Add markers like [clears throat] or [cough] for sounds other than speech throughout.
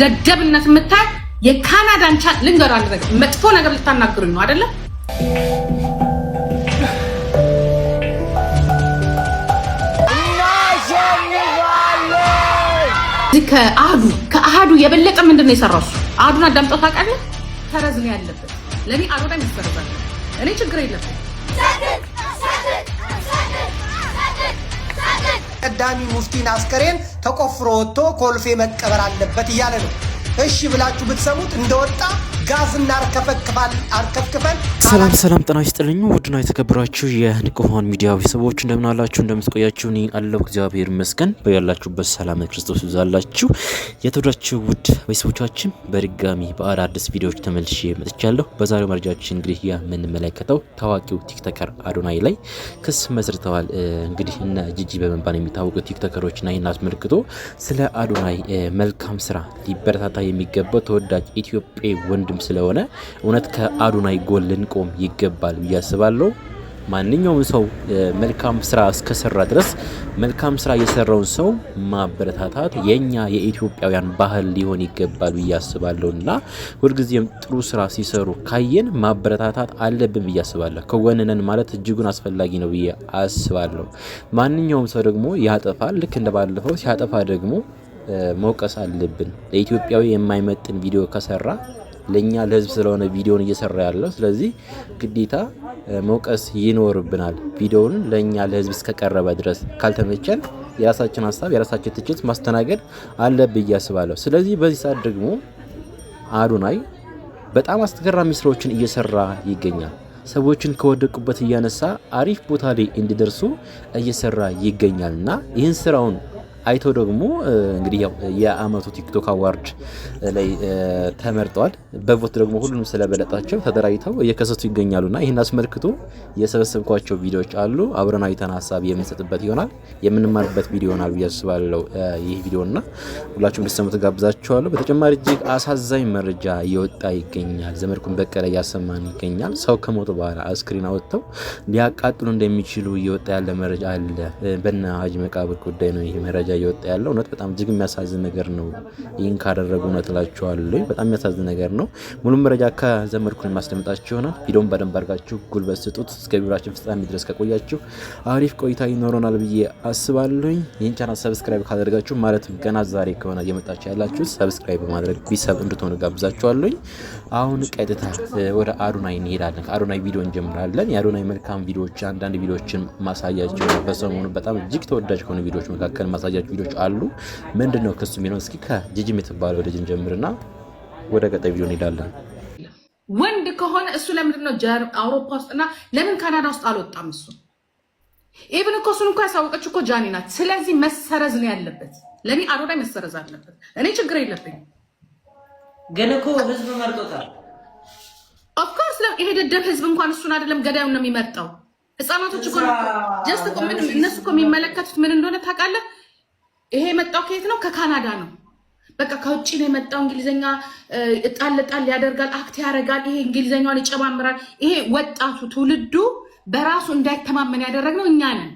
ደደብነት የምታይ የካናዳን ቻ ልንገር፣ አንድ ነገር መጥፎ ነገር ልታናግሩኝ ነው አይደለም? ከአህዱ ከአህዱ የበለጠ ምንድን ነው የሰራው? እሱ አህዱን አዳምጠው ታውቃለህ? ተረዝ ነው ያለበት። ለእኔ አሮዳ ይፈረዛል። እኔ ችግር የለበት ተቀዳሚ ሙፍቲን አስከሬን ተቆፍሮ ወጥቶ ኮልፌ መቀበር አለበት እያለ ነው። እሺ ብላችሁ ብትሰሙት እንደወጣ ጋዝ ሰላም ሰላም፣ ጤና ይስጥልኝ ውድና የተከበራችሁ የንቁሆን ሚዲያ ቤተሰቦች እንደምን አላችሁ? እንደምትቆያችሁ? እኔ አለሁ እግዚአብሔር ይመስገን። በያላችሁበት ሰላም ክርስቶስ ይብዛላችሁ። የተወዳችሁ ውድ ቤተሰቦቻችን በድጋሚ በአዳዲስ ቪዲዮዎች ተመልሼ መጥቻለሁ። በዛሬው መረጃችን እንግዲህ የምንመለከተው ታዋቂው ቲክቶከር አዶናይ ላይ ክስ መስርተዋል። እንግዲህ እነ ጂጂ በመባል የሚታወቁ ቲክቶከሮችና ይህን አስመልክቶ ስለ አዶናይ መልካም ስራ ሊበረታታ የሚገባው ተወዳጅ ኢትዮጵያ ወንድም ፕሮግራም ስለሆነ እውነት ከአዶናይ ጎን ልንቆም ይገባል ብዬ አስባለሁ። ማንኛውም ሰው መልካም ስራ እስከሰራ ድረስ መልካም ስራ የሰራውን ሰው ማበረታታት የኛ የኢትዮጵያውያን ባህል ሊሆን ይገባል ብዬ አስባለሁ እና ሁልጊዜም ጥሩ ስራ ሲሰሩ ካየን ማበረታታት አለብን ብዬ አስባለሁ። ከጎንነን ማለት እጅጉን አስፈላጊ ነው ብዬ አስባለሁ። ማንኛውም ሰው ደግሞ ያጠፋል። ልክ እንደባለፈው ሲያጠፋ ደግሞ መውቀስ አለብን። ለኢትዮጵያዊ የማይመጥን ቪዲዮ ከሰራ ለእኛ ለህዝብ ስለሆነ ቪዲዮን እየሰራ ያለው። ስለዚህ ግዴታ መውቀስ ይኖርብናል። ቪዲዮውን ለእኛ ለህዝብ እስከቀረበ ድረስ ካልተመቸን የራሳችን ሀሳብ የራሳችን ትችት ማስተናገድ አለብ ብዬ አስባለሁ። ስለዚህ በዚህ ሰዓት ደግሞ አዶናይ በጣም አስገራሚ ስራዎችን እየሰራ ይገኛል። ሰዎችን ከወደቁበት እያነሳ አሪፍ ቦታ ላይ እንዲደርሱ እየሰራ ይገኛል እና ይህን ስራውን አይቶ ደግሞ እንግዲህ ያው የአመቱ ቲክቶክ አዋርድ ላይ ተመርጠዋል። በቦት ደግሞ ሁሉንም ስለበለጣቸው ተደራጅተው እየከሰቱ ይገኛሉና ይህን አስመልክቶ የሰበሰብኳቸው ቪዲዮዎች አሉ። አብረን አይተን ሀሳብ የምንሰጥበት ይሆናል፣ የምንማርበት ቪዲዮ ይሆናል ብዬ አስባለሁ። ይህ ቪዲዮና ሁላችሁም እንድትሰሙት ጋብዛችኋለሁ። በተጨማሪ እጅግ አሳዛኝ መረጃ እየወጣ ይገኛል። ዘመድኩን በቀለ እያሰማን ይገኛል። ሰው ከሞተ በኋላ አስክሬን አወጥተው ሊያቃጥሉ እንደሚችሉ እየወጣ ያለ መረጃ አለ። በነ ሀጂ መቃብር ጉዳይ ነው ይህ መረጃ ላይ እየወጣ ያለው እውነት በጣም እጅግ የሚያሳዝን ነገር ነው። ይህን ካደረጉ እውነት እላችኋለሁ በጣም የሚያሳዝን ነገር ነው። ሙሉ መረጃ ከዘመድኩን የማስደምጣችሁ ይሆናል። ቪዲዮን በደንብ አድርጋችሁ ጉልበት ስጡት። እስከ ቪዲዮችን ፍጻሜ ድረስ ከቆያችሁ አሪፍ ቆይታ ይኖረናል ብዬ አስባለሁኝ። ይህን ቻናል ሰብስክራይብ ካደረጋችሁ ማለት ገና ዛሬ ከሆነ እየመጣችሁ ያላችሁ ሰብስክራይብ በማድረግ ቢሰብ እንድትሆኑ ጋብዛችኋለሁኝ። አሁን ቀጥታ ወደ አዶናይ እንሄዳለን። ከአዶናይ ቪዲዮ እንጀምራለን። የአዶናይ መልካም ቪዲዮዎች አንዳንድ ቪዲዮዎችን ማሳያቸው በሰሞኑ በጣም እጅግ ተወዳጅ ከሆኑ ቪዲዮዎች መካከል ማሳያ የሚያሳያቸው ቪዲዮች አሉ። ምንድን ነው ክሱ የሚለው እስኪ ከጂጂ የምትባለው ልጅ እንጀምርና ወደ ቀጣይ ቪዲዮ እንሄዳለን። ወንድ ከሆነ እሱ ለምንድን ነው አውሮፓ ውስጥና ለምን ካናዳ ውስጥ አልወጣም? እሱ ኢቭን እኮ እሱን እኮ ያሳወቀች እኮ ጃኒ ናት። ስለዚህ መሰረዝ ነው ያለበት። ለእኔ አዶዳይ መሰረዝ አለበት። እኔ ችግር የለብኝ። ግን እኮ ህዝብ መርጦታል። ኦፍኮርስ ይሄ ደደብ ህዝብ እንኳን እሱን አይደለም ገዳዩን ነው የሚመርጠው። ህፃናቶች እኮ ጀስት እነሱ እኮ የሚመለከቱት ምን እንደሆነ ታውቃለህ? ይሄ የመጣው ከየት ነው? ከካናዳ ነው። በቃ ከውጭ ነው የመጣው። እንግሊዝኛ ጣል ጣል ያደርጋል፣ አክት ያደርጋል። ይሄ እንግሊዝኛውን ይጨማምራል። ይሄ ወጣቱ ትውልዱ በራሱ እንዳይተማመን ያደረግነው እኛ ነን።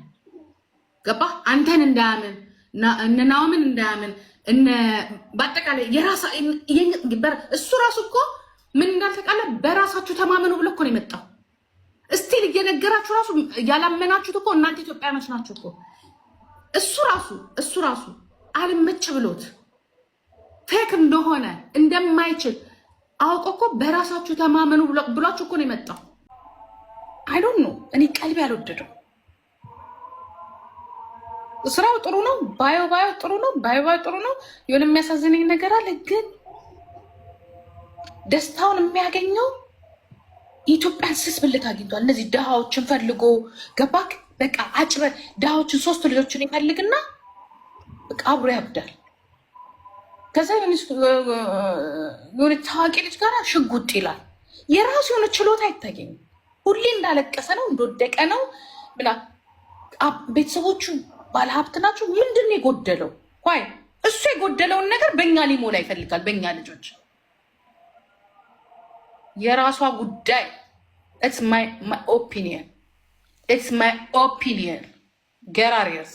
ገባ? አንተን እንዳያምን እነናውምን እንዳያምን በአጠቃላይ እሱ ራሱ እኮ ምን እንዳልተቃለ በራሳችሁ ተማመኑ ብሎ እኮ ነው የመጣው። እስቲል እየነገራችሁ ራሱ ያላመናችሁት እኮ እናንተ ኢትዮጵያኖች ናችሁ እኮ እሱ ራሱ እሱ ራሱ አልመች ብሎት ፌክ እንደሆነ እንደማይችል አውቆ እኮ በራሳችሁ ተማመኑ ብሏችሁ እኮ ነው የመጣው። አይዶን ነው እኔ ቀልቢ አልወደደው። ስራው ጥሩ ነው፣ ባዮ ባዮ ጥሩ ነው፣ ባዮ ባዮ ጥሩ ነው። የሆነ የሚያሳዝነኝ ነገር አለ፣ ግን ደስታውን የሚያገኘው ኢትዮጵያን ስስ ብልት አግኝቷል። እነዚህ ድሃዎችን ፈልጎ ገባክ በቃ አጭረ ድሃዎችን ሶስት ልጆችን ይፈልግና በቃ አብሮ ያብዳል። ከዛ የሆነ ታዋቂ ልጅ ጋር ሽጉጥ ይላል። የራሱ የሆነ ችሎታ አይታየኝም። ሁሌ እንዳለቀሰ ነው እንደወደቀ ነው ብላ ቤተሰቦቹ ባለሀብት ናቸው። ምንድን ነው የጎደለው? ይ እሱ የጎደለውን ነገር በእኛ ሊሞላ ይፈልጋል። በእኛ ልጆች የራሷ ጉዳይ ኢትስ ማይ ኦፒኒየን ኢትስ ማይ ኦፒኒየን ገራሪየስ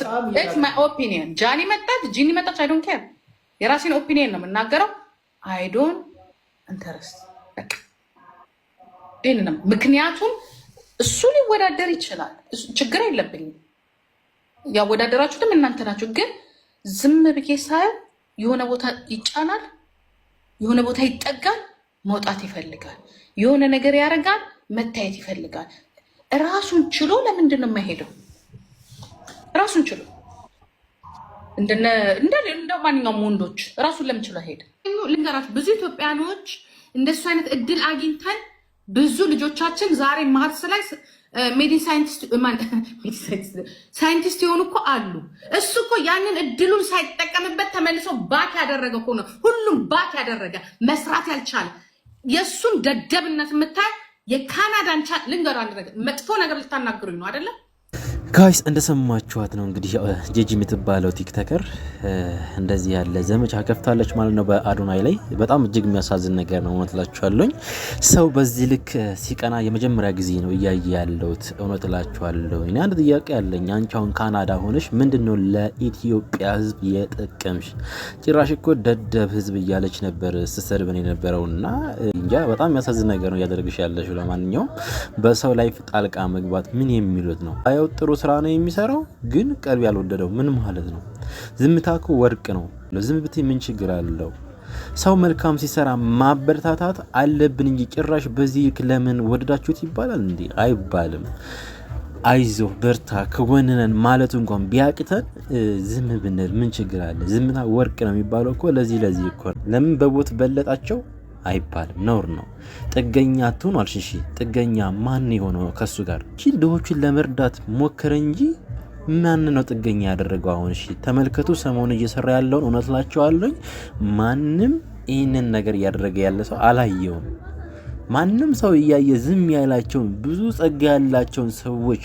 ስለሆነ ኦፒኒየን ጃኒ መጣች፣ ጂኒ መጣች፣ አይ ዶንት ኬር የራሴን ኦፒኒየን ነው የምናገረው። አይ ዶንት ኢንተረስት ይህንንም ምክንያቱም እሱ ሊወዳደር ይችላል። ችግር የለብኝም። ያወዳደራችሁትም እናንተ ናችሁ። ግን ዝም ብዬ ሳየው የሆነ ቦታ ይጫናል፣ የሆነ ቦታ ይጠጋል። መውጣት ይፈልጋል። የሆነ ነገር ያደርጋል። መታየት ይፈልጋል። ራሱን ችሎ ለምንድን ነው የማይሄደው? ራሱን ችሎ እንደ ማንኛውም ወንዶች ራሱን ለምን ችሎ አይሄድም? ልንገራችሁ፣ ብዙ ኢትዮጵያኖች እንደሱ አይነት እድል አግኝተን ብዙ ልጆቻችን ዛሬ ማርስ ላይ ሜዲን [laughs] ሳይንቲስት የሆኑ እኮ አሉ። እሱ እኮ ያንን እድሉን ሳይጠቀምበት ተመልሶ ባክ ያደረገ እኮ ነው። ሁሉም ባክ ያደረገ መስራት ያልቻለ የእሱን ደደብነት የምታይ የካናዳን ቻት ልንገሩ አንድ ነገር መጥፎ ነገር ልታናግሩኝ ነው አይደለም? ጋይስ እንደሰማችኋት ነው እንግዲህ ጄጂ የምትባለው ቲክተከር እንደዚህ ያለ ዘመቻ ከፍታለች ማለት ነው በአዶናይ ላይ። በጣም እጅግ የሚያሳዝን ነገር ነው፣ እውነት እላችኋለሁኝ። ሰው በዚህ ልክ ሲቀና የመጀመሪያ ጊዜ ነው እያየ ያለሁት፣ እውነት እላችኋለሁኝ። እኔ አንድ ጥያቄ ያለኝ አንቺ አሁን ካናዳ ሆነሽ ምንድን ነው ለኢትዮጵያ ሕዝብ የጠቀምሽ? ጭራሽ እኮ ደደብ ሕዝብ እያለች ነበር ስትሰድበን እና እንጃ፣ በጣም የሚያሳዝን ነገር ነው እያደረግሽ ያለሽ። ለማንኛውም በሰው ላይ ጣልቃ መግባት ምን የሚሉት ነው? ጥሩ ስራ ነው የሚሰራው፣ ግን ቀልብ ያልወደደው ምን ማለት ነው? ዝምታ እኮ ወርቅ ነው። ዝም ብትይ ምን ችግር አለው? ሰው መልካም ሲሰራ ማበረታታት አለብን እንጂ ጭራሽ በዚህ ለምን ወደዳችሁት ይባላል እንዴ? አይባልም። አይዞ በርታ፣ ከጎንነን ማለቱ እንኳን ቢያቅተን ዝም ብንል ምን ችግር አለ? ዝምታ ወርቅ ነው የሚባለው እኮ ለዚህ ለዚህ እኮ ለምን በቦት በለጣቸው አይባልም፣ ነውር ነው። ጥገኛ አትሁን አልሽሺ። ጥገኛ ማን የሆነ ከሱ ጋር ቺ ድሆችን ለመርዳት ሞከረ እንጂ ማን ነው ጥገኛ ያደረገው? አሁን እሺ ተመልከቱ፣ ሰሞኑ እየሰራ ያለውን እውነት ላቸዋለኝ። ማንም ይህንን ነገር እያደረገ ያለ ሰው አላየውም። ማንም ሰው እያየ ዝም ያላቸውን ብዙ ጸጋ ያላቸውን ሰዎች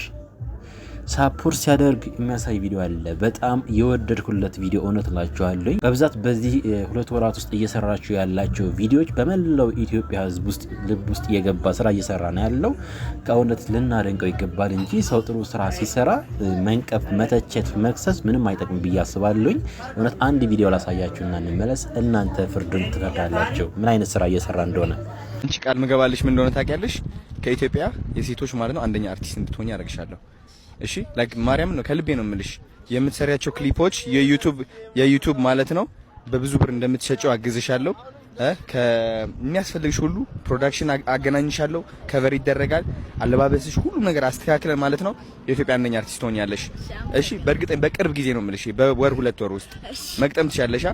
ሳፖርት ሲያደርግ የሚያሳይ ቪዲዮ አለ። በጣም የወደድኩለት ቪዲዮ እውነት ላችኋለኝ። በብዛት በዚህ ሁለት ወራት ውስጥ እየሰራችሁ ያላቸው ቪዲዮዎች በመላው ኢትዮጵያ ሕዝብ ውስጥ ልብ ውስጥ እየገባ ስራ እየሰራ ነው ያለው። ከእውነት ልናደንቀው ይገባል እንጂ ሰው ጥሩ ስራ ሲሰራ መንቀፍ፣ መተቸት፣ መክሰስ ምንም አይጠቅም ብዬ አስባለኝ። እውነት አንድ ቪዲዮ ላሳያችሁና እንመለስ። እናንተ ፍርድን ትፈርዳላችሁ ምን አይነት ስራ እየሰራ እንደሆነ። አንቺ ቃል ምገባልሽ ምን እንደሆነ ታውቂያለሽ። ከኢትዮጵያ የሴቶች ማለት ነው አንደኛ አርቲስት እንድትሆኝ ያደርግሻለሁ እሺ ላይክ ማርያም ነው ከልቤ ነው የምልሽ። የምትሰሪያቸው ክሊፖች የዩቲዩብ የዩቲዩብ ማለት ነው በብዙ ብር እንደምትሸጨው አግዝሻለሁ። ከሚያስፈልግሽ ሁሉ ፕሮዳክሽን አገናኝሻለሁ። ከቨር ይደረጋል። አለባበስሽ፣ ሁሉም ነገር አስተካክለን ማለት ነው የኢትዮጵያ አንደኛ አርቲስት ሆኛለሽ። እሺ በእርግጠኝ በቅርብ ጊዜ ነው የምልሽ በወር ሁለት ወር ውስጥ መቅጠም ትችያለሽ።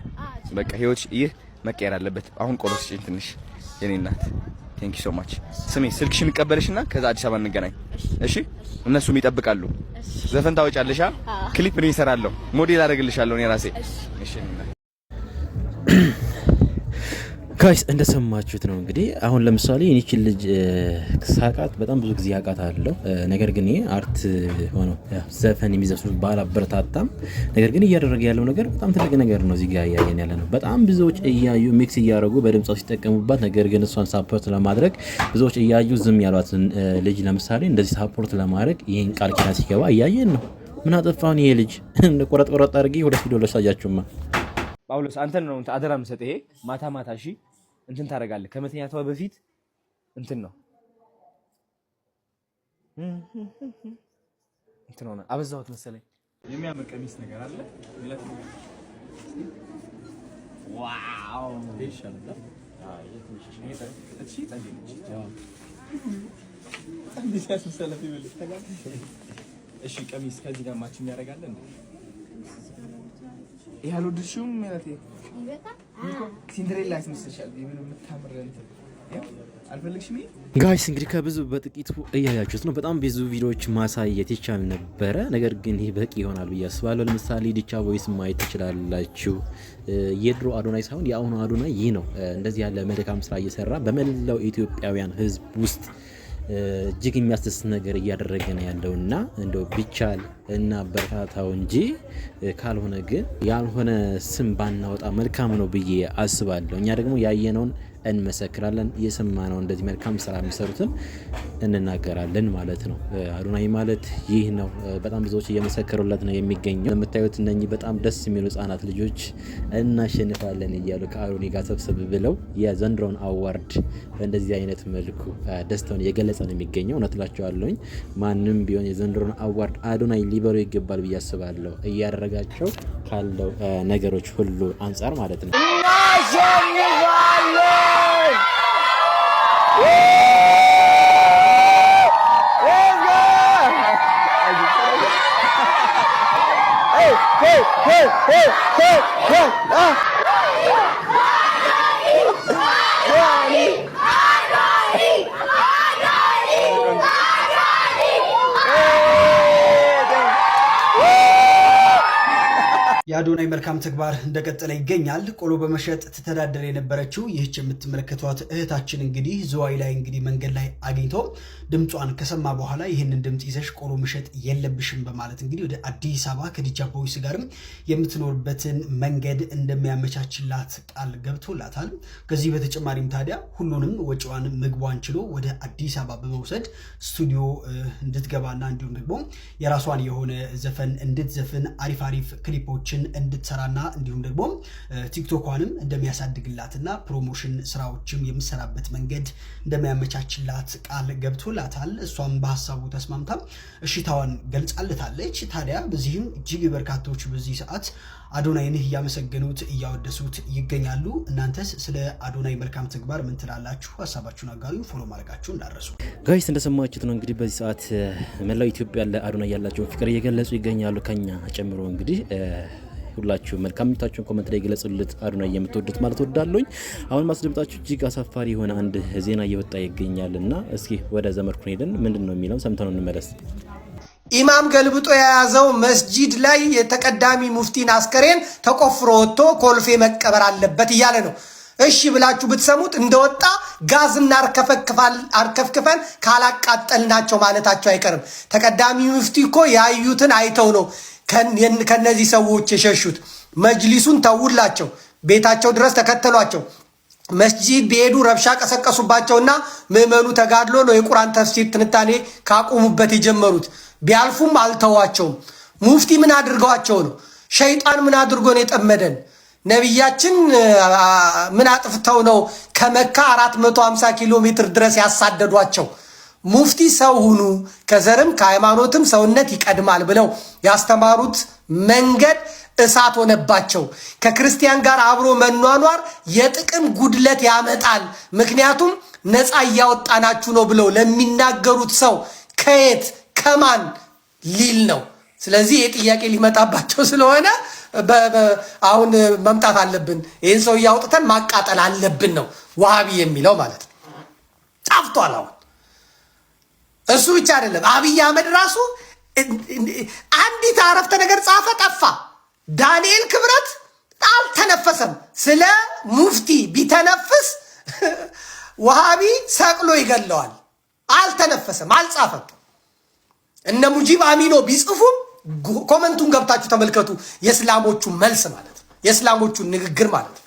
በቃ ህይወት ይህ መቀየር አለበት። አሁን ቆሎስ ስጪኝ ትንሽ የኔ እናት ቴንክ ዩ ሶ ማች። ስሜ ስልክሽን ይቀበልሽና ከዛ አዲስ አበባ እንገናኝ እሺ? እነሱም ይጠብቃሉ። ዘፈን ታወጫለሽ፣ ክሊፕ እኔ እሰራለሁ፣ ሞዴል አደርግልሻለሁ እኔ ራሴ እሺ? እሺ። ጋይስ እንደሰማችሁት ነው እንግዲህ። አሁን ለምሳሌ ይህችን ልጅ ሳቃት በጣም ብዙ ጊዜ ያቃት አለው። ነገር ግን ይህ አርት ሆኖ ዘፈን የሚዘፍኑት ባላበረታታም፣ ነገር ግን እያደረገ ያለው ነገር በጣም ትልቅ ነገር ነው። እዚህ እያየን ያለ ነው። በጣም ብዙዎች እያዩ ሚክስ እያደረጉ በድምፃ ሲጠቀሙባት፣ ነገር ግን እሷን ሳፖርት ለማድረግ ብዙዎች እያዩ ዝም ያሏትን ልጅ ለምሳሌ እንደዚህ ሳፖርት ለማድረግ ይህን ቃል ኪዳን ሲገባ እያየን ነው። ምን አጠፋሁን? ይሄ ልጅ? ቆረጥ ቆረጥ አድርጌ ሁለት ቪዲዮ ለሳያችሁማ ጳውሎስ አንተን ነው አደራ ምሰጥ ይሄ ማታ ማታ እሺ እንትን ታደርጋለህ። ከመተኛቷ በፊት እንትን ነው እንትን ሆነ አበዛሁት መሰለኝ። የሚያምር ቀሚስ ነገር አለ። ዋው እሺ፣ ቀሚስ ከዚህ ጋር ማች የሚያደርጋለን ሲንድሬላ ያስመስልሻል። ጋይስ እንግዲህ ከብዙ በጥቂቱ እያያችሁት ነው። በጣም ብዙ ቪዲዮዎች ማሳየት ይቻል ነበረ፣ ነገር ግን ይህ በቂ ይሆናል ብዬ አስባለሁ። ለምሳሌ ዲቻ ቮይስ ማየት ትችላላችሁ። የድሮ አዶናይ ሳይሆን የአሁኑ አዶናይ ይህ ነው። እንደዚህ ያለ መልካም ስራ እየሰራ በመላው ኢትዮጵያውያን ህዝብ ውስጥ እጅግ የሚያስደስት ነገር እያደረገ ነው ያለው እና ቢቻል እና በርታታው እንጂ ካልሆነ ግን ያልሆነ ስም ባናወጣ መልካም ነው ብዬ አስባለሁ። እኛ ደግሞ ያየነውን እንመሰክራለን። ነው እንደዚህ መልካም ስራ የሚሰሩትን እንናገራለን ማለት ነው። አዶናይ ማለት ይህ ነው። በጣም ብዙዎች እየመሰከሩለት ነው የሚገኘው። የምታዩት እነኚህ በጣም ደስ የሚሉ ህጻናት ልጆች እናሸንፋለን እያሉ ከአዶናይ ጋር ሰብሰብ ብለው የዘንድሮን አዋርድ በእንደዚህ አይነት መልኩ ደስታውን እየገለጸ ነው የሚገኘው። እውነት እላቸዋለሁኝ ማንም ቢሆን የዘንድሮን አዋርድ አዶናይ ሊበሩ ይገባል ብዬ አስባለሁ። እያደረጋቸው ካለው ነገሮች ሁሉ አንጻር ማለት ነው። Let's go! Hey, hey, hey, hey, hey, hey! Ah! የአዶናይ መልካም ተግባር እንደቀጠለ ይገኛል። ቆሎ በመሸጥ ትተዳደር የነበረችው ይህች የምትመለከቷት እህታችን እንግዲህ ዝዋይ ላይ እንግዲህ መንገድ ላይ አግኝቶ ድምጿን ከሰማ በኋላ ይህንን ድምፅ ይዘሽ ቆሎ መሸጥ የለብሽም በማለት እንግዲህ ወደ አዲስ አበባ ከዲቻ ፖሊስ ጋርም የምትኖርበትን መንገድ እንደሚያመቻችላት ቃል ገብቶላታል። ከዚህ በተጨማሪም ታዲያ ሁሉንም ወጪዋን ምግቧን ችሎ ወደ አዲስ አበባ በመውሰድ ስቱዲዮ እንድትገባና እንዲሁም ደግሞ የራሷን የሆነ ዘፈን እንድትዘፍን አሪፍ አሪፍ ክሊፖችን እንድትሰራና እንዲሁም ደግሞ ቲክቶኳንም እንደሚያሳድግላትና ፕሮሞሽን ስራዎችም የምትሰራበት መንገድ እንደሚያመቻችላት ቃል ገብቶላታል። እሷም በሀሳቡ ተስማምታ እሽታዋን ገልጻለታለች። ታዲያ በዚህም እጅግ በርካቶች በዚህ ሰዓት አዶናይን እያመሰገኑት እያወደሱት ይገኛሉ። እናንተስ ስለ አዶናይ መልካም ተግባር ምን ትላላችሁ? ሀሳባችሁን አጋሩ። ፎሎ ማድረጋችሁ እንዳረሱ ጋይስ፣ እንደሰማችሁት ነው እንግዲህ በዚህ ሰዓት መላው ኢትዮጵያ ለአዶናይ ያላቸውን ፍቅር እየገለጹ ይገኛሉ ከኛ ጨምሮ እንግዲህ ሁላችሁ መልካም ምታችሁን ኮመንት ላይ ገለጹልት። አዱና የምትወዱት ማለት ወዳለኝ አሁን ማስደምጣችሁ እጅግ አሳፋሪ የሆነ አንድ ዜና እየወጣ ይገኛል እና እስኪ ወደ ዘመድኩን ሄደን ምንድን ነው የሚለው ሰምተነው እንመለስ። ኢማም ገልብጦ የያዘው መስጂድ ላይ የተቀዳሚ ሙፍቲን አስከሬን ተቆፍሮ ወጥቶ ኮልፌ መቀበር አለበት እያለ ነው። እሺ ብላችሁ ብትሰሙት እንደወጣ ጋዝና አርከፍክፈን ካላቃጠልናቸው ማለታቸው አይቀርም። ተቀዳሚ ሙፍቲ እኮ ያዩትን አይተው ነው ከነዚህ ሰዎች የሸሹት መጅሊሱን ተውላቸው፣ ቤታቸው ድረስ ተከተሏቸው። መስጂድ ቢሄዱ ረብሻ ቀሰቀሱባቸውና ምዕመኑ ተጋድሎ ነው የቁርአን ተፍሲር ትንታኔ ካቆሙበት የጀመሩት። ቢያልፉም አልተዋቸውም። ሙፍቲ ምን አድርገዋቸው ነው? ሸይጣን ምን አድርጎ ነው የጠመደን? ነቢያችን ምን አጥፍተው ነው ከመካ 450 ኪሎ ሜትር ድረስ ያሳደዷቸው? ሙፍቲ ሰው ሁኑ፣ ከዘርም ከሃይማኖትም ሰውነት ይቀድማል ብለው ያስተማሩት መንገድ እሳት ሆነባቸው። ከክርስቲያን ጋር አብሮ መኗኗር የጥቅም ጉድለት ያመጣል፣ ምክንያቱም ነፃ እያወጣናችሁ ነው ብለው ለሚናገሩት ሰው ከየት ከማን ሊል ነው? ስለዚህ ይህ ጥያቄ ሊመጣባቸው ስለሆነ አሁን መምጣት አለብን፣ ይህን ሰው እያውጥተን ማቃጠል አለብን ነው ዋሃቢ የሚለው ማለት ነው። ጣፍቷል አሁን እሱ ብቻ አይደለም። አብይ አህመድ ራሱ አንዲት አረፍተ ነገር ጻፈ፣ ጠፋ። ዳንኤል ክብረት አልተነፈሰም። ስለ ሙፍቲ ቢተነፍስ ውሃቢ [laughs] ሰቅሎ ይገለዋል። አልተነፈሰም፣ አልጻፈም። እነ ሙጂብ አሚኖ ቢጽፉም ኮመንቱን ገብታችሁ ተመልከቱ። የእስላሞቹ መልስ ማለት ነው፣ የእስላሞቹ ንግግር ማለት ነው።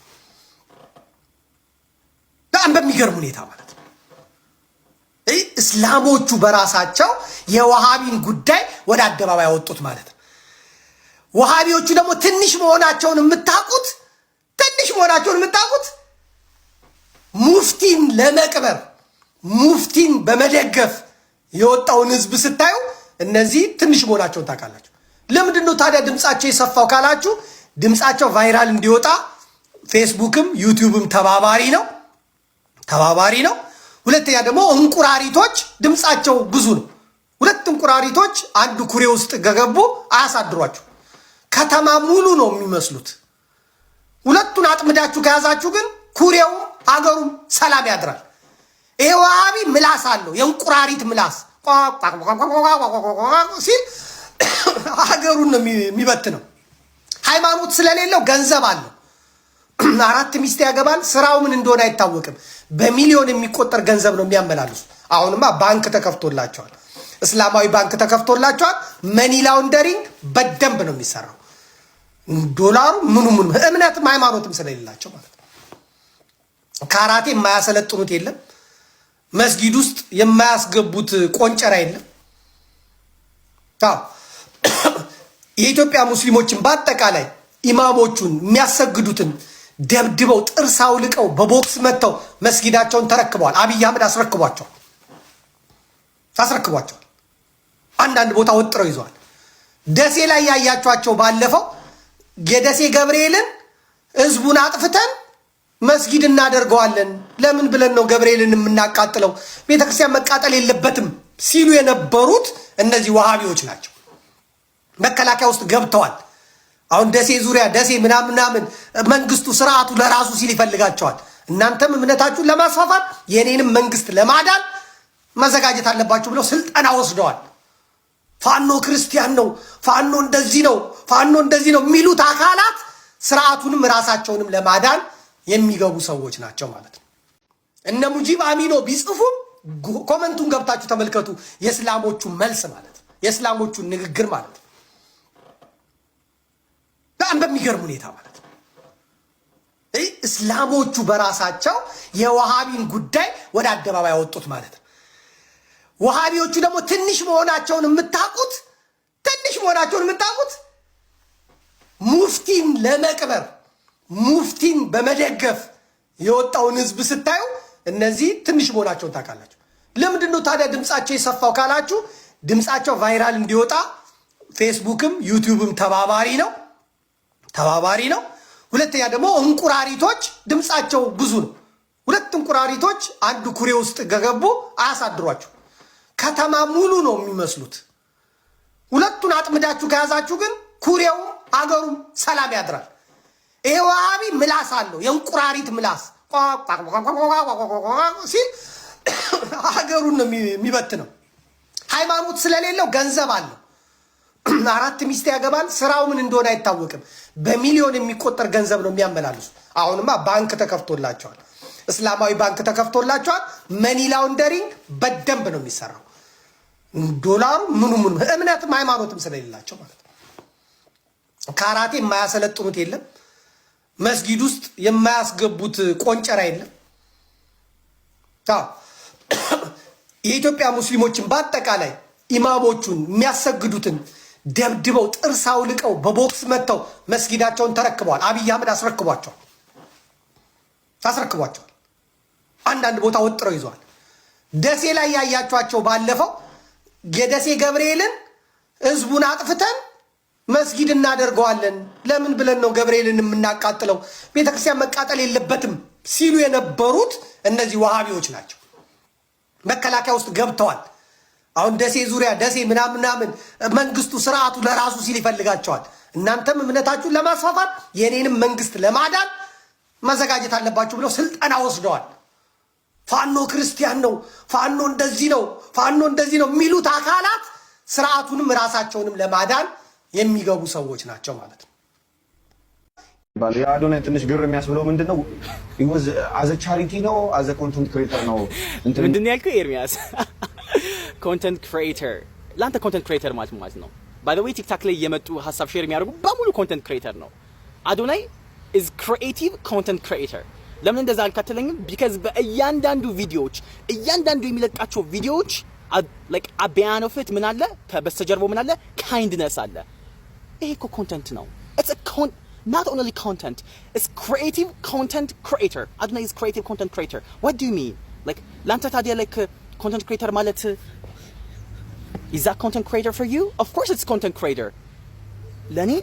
በጣም በሚገርም ሁኔታ ማለት ነው። እስላሞቹ በራሳቸው የዋሃቢን ጉዳይ ወደ አደባባይ ያወጡት ማለት ነው። ዋሃቢዎቹ ደግሞ ትንሽ መሆናቸውን የምታውቁት ትንሽ መሆናቸውን የምታውቁት ሙፍቲን ለመቅበር ሙፍቲን በመደገፍ የወጣውን ህዝብ ስታዩ እነዚህ ትንሽ መሆናቸውን ታውቃላችሁ። ለምንድን ነው ታዲያ ድምፃቸው የሰፋው ካላችሁ ድምፃቸው ቫይራል እንዲወጣ ፌስቡክም ዩቲዩብም ተባባሪ ነው ተባባሪ ነው። ሁለተኛ ደግሞ እንቁራሪቶች ድምፃቸው ብዙ ነው። ሁለት እንቁራሪቶች አንድ ኩሬ ውስጥ ከገቡ አያሳድሯችሁ። ከተማ ሙሉ ነው የሚመስሉት። ሁለቱን አጥምዳችሁ ከያዛችሁ ግን ኩሬውም አገሩም ሰላም ያድራል። ይሄ ዋሃቢ ምላስ አለው፣ የእንቁራሪት ምላስ ሲል ሀገሩን [coughs] ነው የሚበት ነው። ሃይማኖት ስለሌለው ገንዘብ አለው። [clears throat] አራት ሚስት ያገባል። ስራው ምን እንደሆነ አይታወቅም። በሚሊዮን የሚቆጠር ገንዘብ ነው የሚያመላልሱ። አሁንማ ባንክ ተከፍቶላቸዋል፣ እስላማዊ ባንክ ተከፍቶላቸዋል። መኒ ላውንደሪንግ በደንብ ነው የሚሰራው። ዶላሩ ምኑ ምኑ እምነትም ሃይማኖትም ስለሌላቸው ማለት ነው። ካራቴ የማያሰለጥኑት የለም። መስጊድ ውስጥ የማያስገቡት ቆንጨራ የለም። [clears throat] የኢትዮጵያ ሙስሊሞችን በአጠቃላይ ኢማሞቹን የሚያሰግዱትን ደብድበው ጥርስ አውልቀው በቦክስ መጥተው መስጊዳቸውን ተረክበዋል። አብይ አህመድ አስረክቧቸው አስረክቧቸዋል። አንዳንድ ቦታ ወጥረው ይዘዋል። ደሴ ላይ ያያቸዋቸው ባለፈው የደሴ ገብርኤልን ህዝቡን አጥፍተን መስጊድ እናደርገዋለን። ለምን ብለን ነው ገብርኤልን የምናቃጥለው? ቤተክርስቲያን መቃጠል የለበትም ሲሉ የነበሩት እነዚህ ዋሃቢዎች ናቸው። መከላከያ ውስጥ ገብተዋል። አሁን ደሴ ዙሪያ ደሴ ምናምን ምናምን መንግስቱ ስርዓቱ ለራሱ ሲል ይፈልጋቸዋል። እናንተም እምነታችሁን ለማስፋፋት የእኔንም መንግስት ለማዳን መዘጋጀት አለባችሁ ብለው ስልጠና ወስደዋል። ፋኖ ክርስቲያን ነው፣ ፋኖ እንደዚህ ነው፣ ፋኖ እንደዚህ ነው የሚሉት አካላት ስርዓቱንም ራሳቸውንም ለማዳን የሚገቡ ሰዎች ናቸው ማለት ነው። እነ ሙጂብ አሚኖ ቢጽፉም ኮመንቱን ገብታችሁ ተመልከቱ። የእስላሞቹ መልስ ማለት ነው፣ የእስላሞቹ ንግግር ማለት ነው። በጣም በሚገርም ሁኔታ ማለት ነው። እስላሞቹ በራሳቸው የዋሃቢን ጉዳይ ወደ አደባባይ ያወጡት ማለት ነው። ውሃቢዎቹ ደግሞ ትንሽ መሆናቸውን የምታውቁት ትንሽ መሆናቸውን የምታውቁት ሙፍቲን ለመቅበር ሙፍቲን በመደገፍ የወጣውን ህዝብ ስታዩ እነዚህ ትንሽ መሆናቸውን ታውቃላችሁ። ለምንድን ነው ታዲያ ድምፃቸው የሰፋው ካላችሁ ድምፃቸው ቫይራል እንዲወጣ ፌስቡክም ዩቲዩብም ተባባሪ ነው። ተባባሪ ነው። ሁለተኛ ደግሞ እንቁራሪቶች ድምፃቸው ብዙ ነው። ሁለት እንቁራሪቶች አንድ ኩሬ ውስጥ ገገቡ አያሳድሯችሁ። ከተማ ሙሉ ነው የሚመስሉት። ሁለቱን አጥምዳችሁ ከያዛችሁ ግን ኩሬውም አገሩም ሰላም ያድራል። ይሄ ዋሃቢ ምላስ አለው፣ የእንቁራሪት ምላስ ሲል ሀገሩን ነው የሚበት ነው። ሃይማኖት ስለሌለው ገንዘብ አለው። አራት ሚስት ያገባል። ስራው ምን እንደሆነ አይታወቅም። በሚሊዮን የሚቆጠር ገንዘብ ነው የሚያመላልሱ። አሁንማ ባንክ ተከፍቶላቸዋል፣ እስላማዊ ባንክ ተከፍቶላቸዋል። መኒ ላውንደሪንግ በደንብ ነው የሚሰራው። ዶላሩ ምኑ ምኑ እምነትም ሃይማኖትም ስለሌላቸው ማለት ነው። ካራቴ የማያሰለጥኑት የለም። መስጊድ ውስጥ የማያስገቡት ቆንጨራ የለም። የኢትዮጵያ ሙስሊሞችን በአጠቃላይ ኢማሞቹን የሚያሰግዱትን ደብድበው ጥርስ አውልቀው በቦክስ መጥተው መስጊዳቸውን ተረክበዋል። አብይ አህመድ አስረክቧቸዋል አስረክቧቸዋል። አንዳንድ ቦታ ወጥረው ይዘዋል። ደሴ ላይ ያያቸዋቸው ባለፈው የደሴ ገብርኤልን ህዝቡን አጥፍተን መስጊድ እናደርገዋለን። ለምን ብለን ነው ገብርኤልን የምናቃጥለው? ቤተክርስቲያን መቃጠል የለበትም ሲሉ የነበሩት እነዚህ ዋሃቢዎች ናቸው። መከላከያ ውስጥ ገብተዋል። አሁን ደሴ ዙሪያ ደሴ ምናምን ምናምን መንግስቱ ስርዓቱ ለራሱ ሲል ይፈልጋቸዋል። እናንተም እምነታችሁን ለማስፋፋት የእኔንም መንግስት ለማዳን መዘጋጀት አለባችሁ ብለው ስልጠና ወስደዋል። ፋኖ ክርስቲያን ነው፣ ፋኖ እንደዚህ ነው፣ ፋኖ እንደዚህ ነው የሚሉት አካላት ስርዓቱንም ራሳቸውንም ለማዳን የሚገቡ ሰዎች ናቸው ማለት ነው። የአዶናይ ትንሽ ግር የሚያስብለው ምንድን ነው? አዘ ቻሪቲ ነው፣ አዘ ኮንተንት ክሬተር ነው። ምንድን ያልከው ኤርሚያስ ኮንተንት ክሪኤተር ለአንተ ኮንተንት ክሬተር ማለት ማለት ነው። ባይ ዘ ዌይ ቲክታክ ላይ የመጡ ሀሳብ ሼር የሚያደርጉ በሙሉ ኮንተንት ክሬተር ነው። አዶናይ ኢዝ ክሬቲቭ ኮንተንት ክሬተር። ለምን እንደዛ አልካተለኝም? ቢካዝ በእያንዳንዱ ቪዲዮዎች እያንዳንዱ የሚለቃቸው ቪዲዮዎች ላይክ አቢያን ኦፍ ኢት ምን አለ ከበስተጀርባው ምን አለ ካይንድነስ አለ። ይሄ እኮ ኮንተንት ነው። ኢትስ ኮን not only content it's creative content creator አዶናይ is creative content creator what do you mean like ላንተ ታዲያ like ኮንተንት ክሪኤተር ማለት Is that content creator for you? Of course it's content creator. Lenny,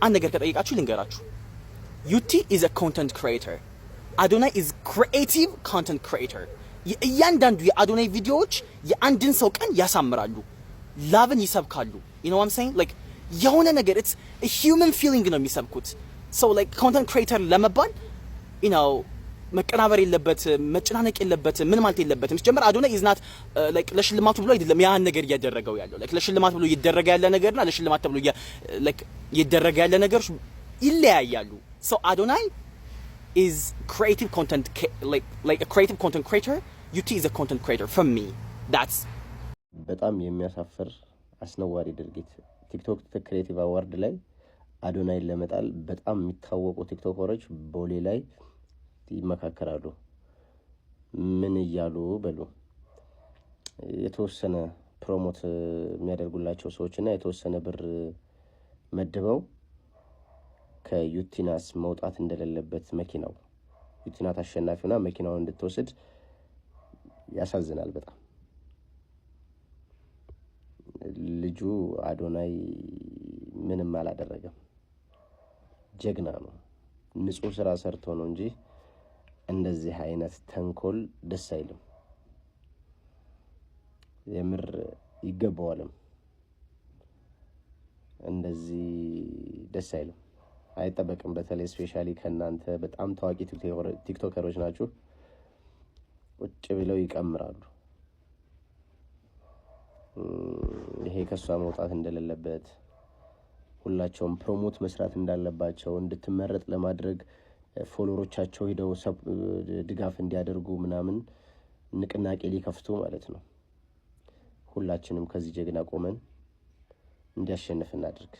Yuti is a content creator. Adonai is creative content creator. Yandandu Adonai videoch, yandin soken yasamradu. Love and yisabkadu. You know what I'm saying? Like, yawna nagar, it's a human feeling, you know, misabkut. So, like, content creator lemabun, you know, መቀናበር የለበትም፣ መጨናነቅ የለበትም፣ ምን ማለት የለበትም። ሲጀመር አዶናይ ኢዝናት ላይክ ለሽልማቱ ብሎ አይደለም ያን ነገር እያደረገው ያለው ላይክ ለሽልማት ብሎ እየደረገ ያለ ነገርና ለሽልማት ተብሎ ላይክ ይደረገ ያለ ነገሮች ይለያያሉ። ሶ አዶናይ ኢዝ ክሪኤቲቭ ኮንተንት ላይክ ክሪኤቲቭ ኮንተንት ክሬተር ዩቲ ኢዝ ኮንተንት ክሬተር ፎር ሚ ዳትስ በጣም የሚያሳፍር አስነዋሪ ድርጊት ቲክቶክ ክሬቲቭ አዋርድ ላይ አዶናይን ለመጣል በጣም የሚታወቁ ቲክቶከሮች ቦሌ ላይ ይመካከራሉ። ምን እያሉ በሉ የተወሰነ ፕሮሞት የሚያደርጉላቸው ሰዎች እና የተወሰነ ብር መድበው ከዩቲናስ መውጣት እንደሌለበት መኪናው ዩቲናት ሆና መኪናውን እንድትወስድ ያሳዝናል። በጣም ልጁ አዶናይ ምንም አላደረገም። ጀግና ነው። ንጹህ ስራ ሰርቶ ነው እንጂ እንደዚህ አይነት ተንኮል ደስ አይልም። የምር ይገባዋልም። እንደዚህ ደስ አይልም፣ አይጠበቅም። በተለይ ስፔሻሊ ከእናንተ በጣም ታዋቂ ቲክቶከሮች ናችሁ። ቁጭ ብለው ይቀምራሉ። ይሄ ከእሷ መውጣት እንደሌለበት ሁላቸውም ፕሮሞት መስራት እንዳለባቸው እንድትመረጥ ለማድረግ ፎሎወሮቻቸው ሄደው ድጋፍ እንዲያደርጉ ምናምን ንቅናቄ ሊከፍቱ ማለት ነው። ሁላችንም ከዚህ ጀግና ቆመን እንዲያሸንፍ እናድርግ።